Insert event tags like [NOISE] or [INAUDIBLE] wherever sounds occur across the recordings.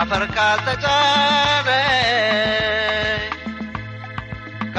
አፈር ካልተጫነ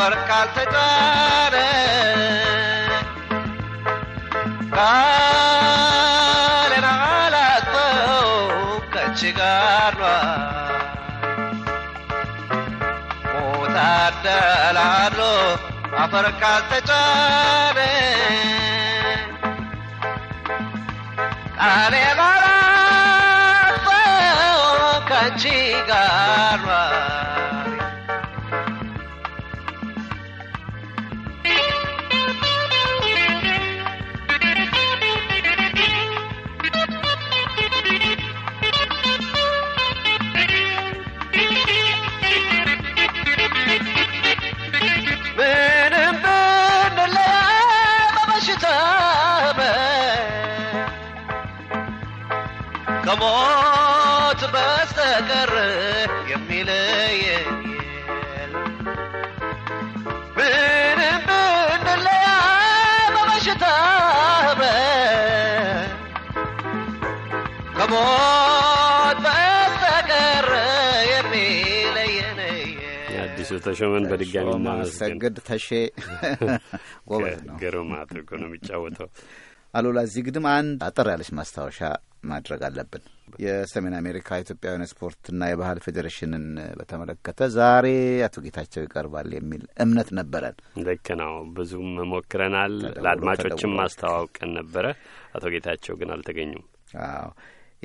በር ካልተጫረ ቃሌን አላጥፈው ከች ጋርሏ ሞት አደላሎ አፈር ካልተጫረ ቃሌን አላጥፈው ከች ጋርሏ ከሞት በስተቀር የሚለየ አዲሱ ተሾመን በድጋሚ ማመሰግድ ተሼ [LAUGHS] ጎበዝ ነው፣ ግሩም አድርጎ ነው የሚጫወተው። አሉላ እዚህ ግድም አንድ አጠር ያለች ማስታወሻ ማድረግ አለብን። የሰሜን አሜሪካ ኢትዮጵያውያን ስፖርትና የባህል ፌዴሬሽንን በተመለከተ ዛሬ አቶ ጌታቸው ይቀርባል የሚል እምነት ነበረን። ልክ ነው። ብዙም ሞክረናል። ለአድማጮችም ማስተዋወቅን ነበረ። አቶ ጌታቸው ግን አልተገኙም። አዎ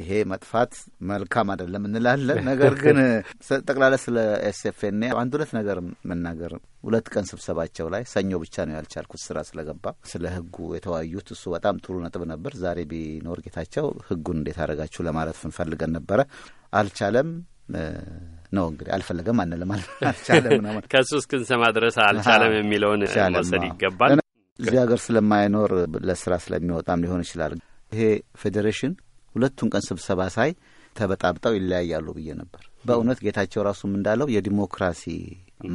ይሄ መጥፋት መልካም አይደለም እንላለን። ነገር ግን [LAUGHS] ጠቅላላ ስለ ኤስኤፍኤን አንድ ሁለት ነገር መናገር ሁለት ቀን ስብሰባቸው ላይ ሰኞ ብቻ ነው ያልቻልኩት ስራ ስለገባ ስለ ህጉ የተወያዩት እሱ በጣም ጥሩ ነጥብ ነበር። ዛሬ ቢኖር ጌታቸው ህጉን እንዴት አደረጋችሁ ለማለት እንፈልገን ነበረ። አልቻለም ነው እንግዲህ አልፈለገም አንልም፣ [LAUGHS] አልቻለም ነው ከእሱ እስክንሰማ ድረስ አልቻለም የሚለውን መውሰድ ይገባል። እዚህ ሀገር ስለማይኖር ለስራ ስለሚወጣም ሊሆን ይችላል። ይሄ ፌዴሬሽን ሁለቱን ቀን ስብሰባ ሳይ ተበጣብጠው ይለያያሉ ብዬ ነበር። በእውነት ጌታቸው ራሱም እንዳለው የዲሞክራሲ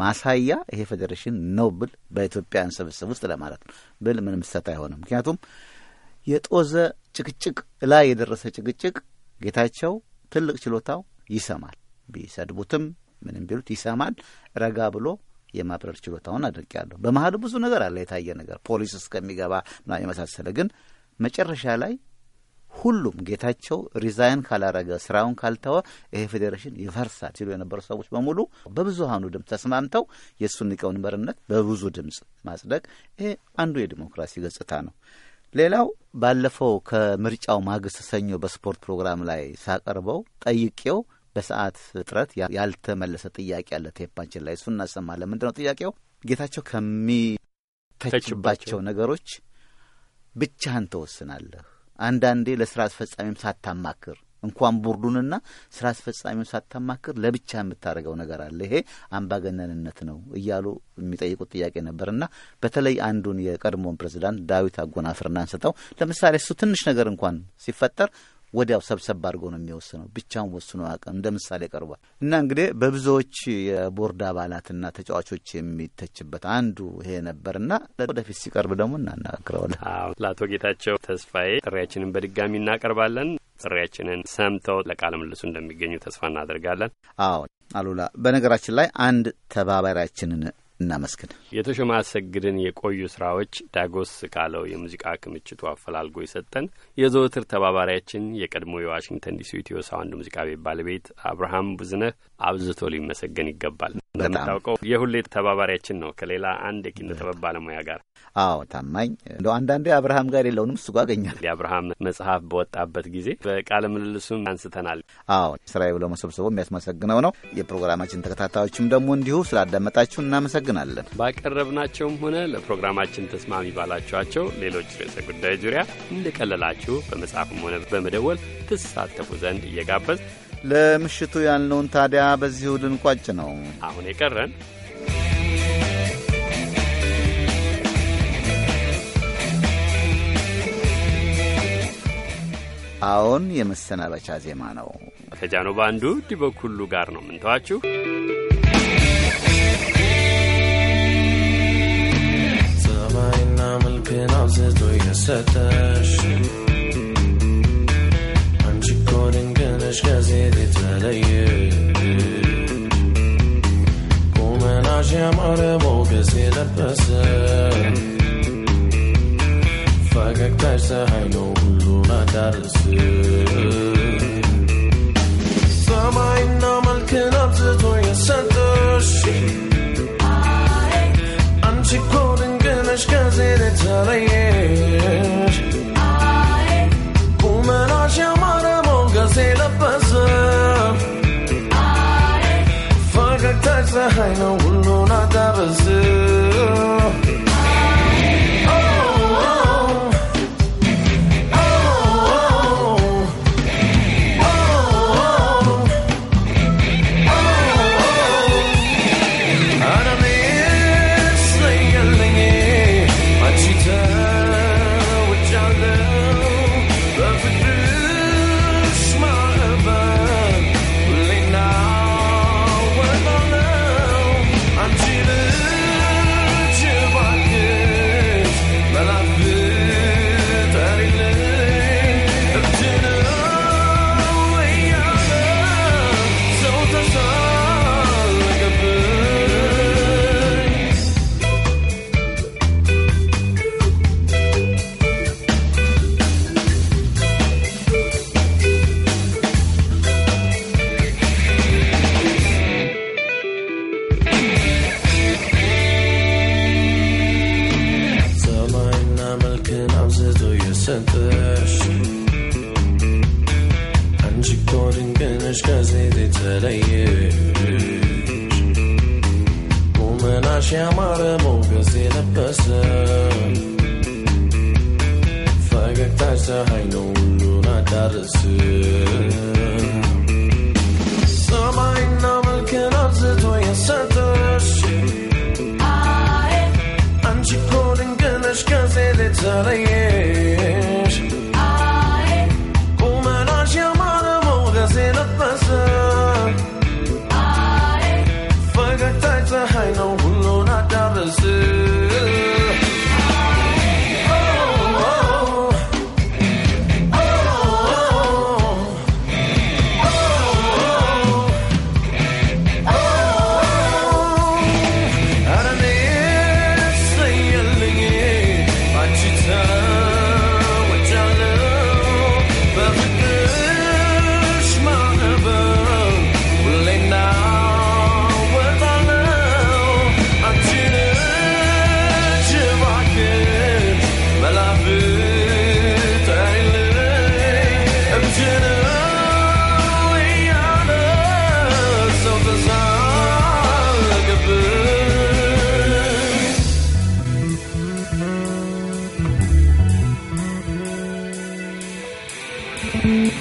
ማሳያ ይሄ ፌዴሬሽን ነው ብል በኢትዮጵያን ስብስብ ውስጥ ለማለት ነው ብል ምንም ሰት አይሆንም። ምክንያቱም የጦዘ ጭቅጭቅ ላይ የደረሰ ጭቅጭቅ ጌታቸው ትልቅ ችሎታው ይሰማል። ቢሰድቡትም ምንም ቢሉት ይሰማል። ረጋ ብሎ የማብረር ችሎታውን አድንቄያለሁ። በመሀል ብዙ ነገር አለ የታየ ነገር ፖሊስ እስከሚገባ የመሳሰለ ግን መጨረሻ ላይ ሁሉም ጌታቸው ሪዛይን ካላረገ ስራውን ካልተወ ይሄ ፌዴሬሽን ይፈርሳል ሲሉ የነበሩ ሰዎች በሙሉ በብዙሀኑ ድምፅ ተስማምተው የእሱን ሊቀመንበርነት በብዙ ድምፅ ማጽደቅ ይሄ አንዱ የዲሞክራሲ ገጽታ ነው። ሌላው ባለፈው ከምርጫው ማግስት ሰኞ በስፖርት ፕሮግራም ላይ ሳቀርበው ጠይቄው በሰዓት እጥረት ያልተመለሰ ጥያቄ አለ። ቴፓንችን ላይ እሱ እናሰማለን። ምንድን ነው ጥያቄው? ጌታቸው ከሚተችባቸው ነገሮች ብቻህን ተወስናለህ አንዳንዴ ለስራ አስፈጻሚም ሳታማክር እንኳን ቦርዱንና ስራ አስፈጻሚውን ሳታማክር ለብቻ የምታደርገው ነገር አለ። ይሄ አምባገነንነት ነው እያሉ የሚጠይቁት ጥያቄ ነበር እና በተለይ አንዱን የቀድሞውን ፕሬዚዳንት ዳዊት አጎናፍርና አንስተው ለምሳሌ እሱ ትንሽ ነገር እንኳን ሲፈጠር ወዲያው ሰብሰብ አድርጎ ነው የሚወስነው። ብቻውን ወስኖ አቅም እንደ ምሳሌ ቀርቧል እና እንግዲህ በብዙዎች የቦርድ አባላትና ተጫዋቾች የሚተችበት አንዱ ይሄ ነበርና ወደፊት ሲቀርብ ደግሞ እናናግረዋለን። ለአቶ ጌታቸው ተስፋዬ ጥሪያችንን በድጋሚ እናቀርባለን። ጥሪያችንን ሰምተው ለቃለ ምልልሱ እንደሚገኙ ተስፋ እናደርጋለን። አዎ አሉላ፣ በነገራችን ላይ አንድ ተባባሪያችንን እናመስግን። የተሾመ አሰግድን የቆዩ ስራዎች ዳጎስ ካለው የሙዚቃ ክምችቱ አፈላልጎ የሰጠን የዘወትር ተባባሪያችን የቀድሞ የዋሽንግተን ዲሲ ኢትዮ ሳውንድ ሙዚቃ ቤት ባለቤት አብርሃም ቡዝነህ አብዝቶ ሊመሰገን ይገባል። እንደምታውቀው የሁሌ ተባባሪያችን ነው ከሌላ አንድ የኪነ ጥበብ ባለሙያ ጋር። አዎ ታማኝ እንደ አንዳንዴ አብርሃም ጋር የለውንም እሱ ጋር አገኛል። የአብርሃም መጽሐፍ በወጣበት ጊዜ በቃለ ምልልሱም አንስተናል። አዎ ስራዬ ብሎ መሰብሰቡ የሚያስመሰግነው ነው። የፕሮግራማችን ተከታታዮችም ደግሞ እንዲሁ ስላዳመጣችሁ እናመሰግ እናመሰግናለን። ባቀረብናቸውም ሆነ ለፕሮግራማችን ተስማሚ ባላችኋቸው ሌሎች ርዕሰ ጉዳይ ዙሪያ እንደቀለላችሁ በመጻፍም ሆነ በመደወል ትሳተፉ ዘንድ እየጋበዝ ለምሽቱ ያልነውን ታዲያ በዚሁ ልንቋጭ ነው። አሁን የቀረን አዎን የመሰናበቻ ዜማ ነው። ከጃኖ ባንዱ ዲበኩሉ ጋር ነው የምንተዋችሁ። mağazada jesteś Anxikorengin ish gazeti talayi Kumenajam arabo gazeti pasaj I know și amară mă găsire păsă Făgăctașa haină luna ta râsă Să mai n-am că n-am zis tu e sătăși Am și codin gânăși că se de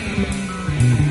Thank you.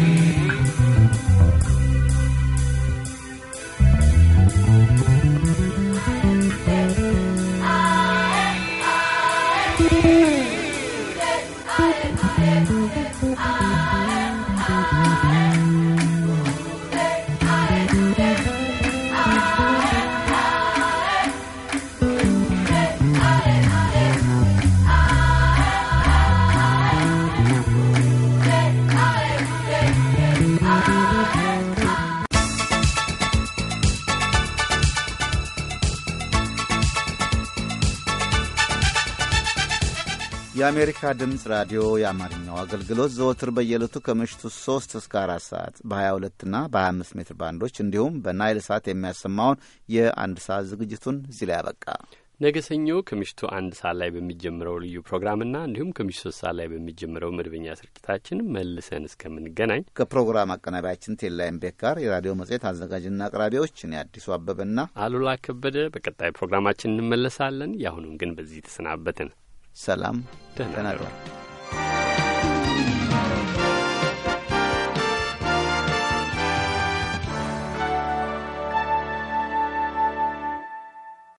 የአሜሪካ ድምፅ ራዲዮ የአማርኛው አገልግሎት ዘወትር በየዕለቱ ከምሽቱ 3 እስከ 4 ሰዓት በ22 እና በ25 ሜትር ባንዶች እንዲሁም በናይል ሰዓት የሚያሰማውን የአንድ ሰዓት ዝግጅቱን እዚህ ላይ ያበቃ። ነገ ሰኞ ከምሽቱ አንድ ሰዓት ላይ በሚጀምረው ልዩ ፕሮግራምና እንዲሁም ከምሽቱ ሶስት ሰዓት ላይ በሚጀምረው መደበኛ ስርጭታችን መልሰን እስከምንገናኝ ከፕሮግራም አቀናቢያችን ቤክ ጋር የራዲዮ መጽሔት አዘጋጅና አቅራቢዎች እኔ አዲሱ አበበና አሉላ ከበደ በቀጣይ ፕሮግራማችን እንመለሳለን። የአሁኑም ግን በዚህ ተሰናበትን። ሰላም፣ ተናደሩ።